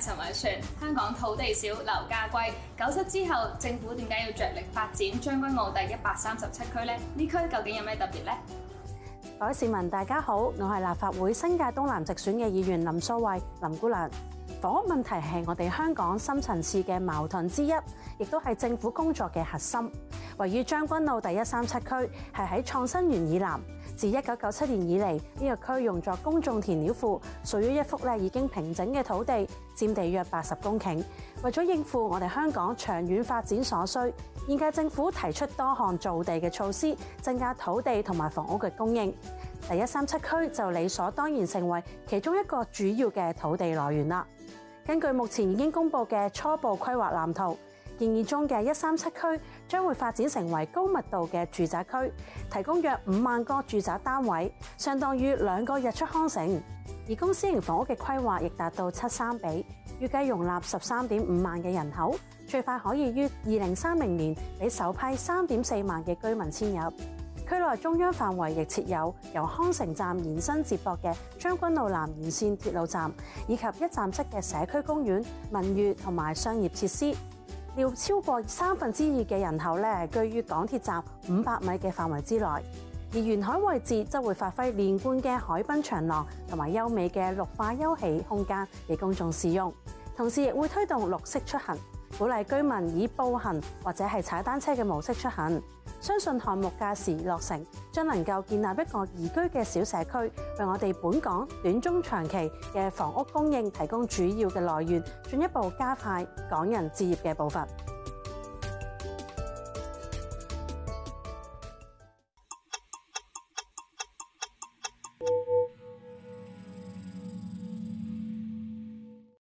陳葦璇，香港土地少，樓價貴，九七之後政府點解要着力發展將軍澳第一百三十七區呢？呢區究竟有咩特別呢？各位市民大家好，我係立法會新界東南直選嘅議員林素蔚林姑娘。房屋問題係我哋香港深層次嘅矛盾之一，亦都係政府工作嘅核心。位於將軍澳第一三七區，係喺創新園以南。自一九九七年以嚟，呢個區用作公眾填料庫，屬於一幅咧已經平整嘅土地，佔地約八十公頃。為咗應付我哋香港長遠發展所需，現屆政府提出多項造地嘅措施，增加土地同埋房屋嘅供應。第一三七區就理所當然成為其中一個主要嘅土地來源啦。根據目前已經公布嘅初步規劃藍圖，建議中嘅一三七區將會發展成為高密度嘅住宅區，提供約五萬個住宅單位，相當於兩個日出康城。而公私營房屋嘅規劃亦達到七三比，預計容納十三點五萬嘅人口，最快可以於二零三零年俾首批三點四萬嘅居民遷入。區內中央範圍亦設有由康城站延伸接駁嘅將軍澳南延線鐵路站，以及一站式嘅社區公園、文娛同埋商業設施。要超過三分之二嘅人口咧，居於港鐵站五百米嘅範圍之內，而沿海位置則會發展連貫嘅海濱長廊同埋優美嘅綠化休憩空間，俾公眾使用。同時亦會推動綠色出行，鼓勵居民以步行或者係踩單車嘅模式出行。相信項目屆時落成，將能夠建立一個宜居嘅小社區，為我哋本港短中長期嘅房屋供應提供主要嘅來源，進一步加快港人置業嘅步伐。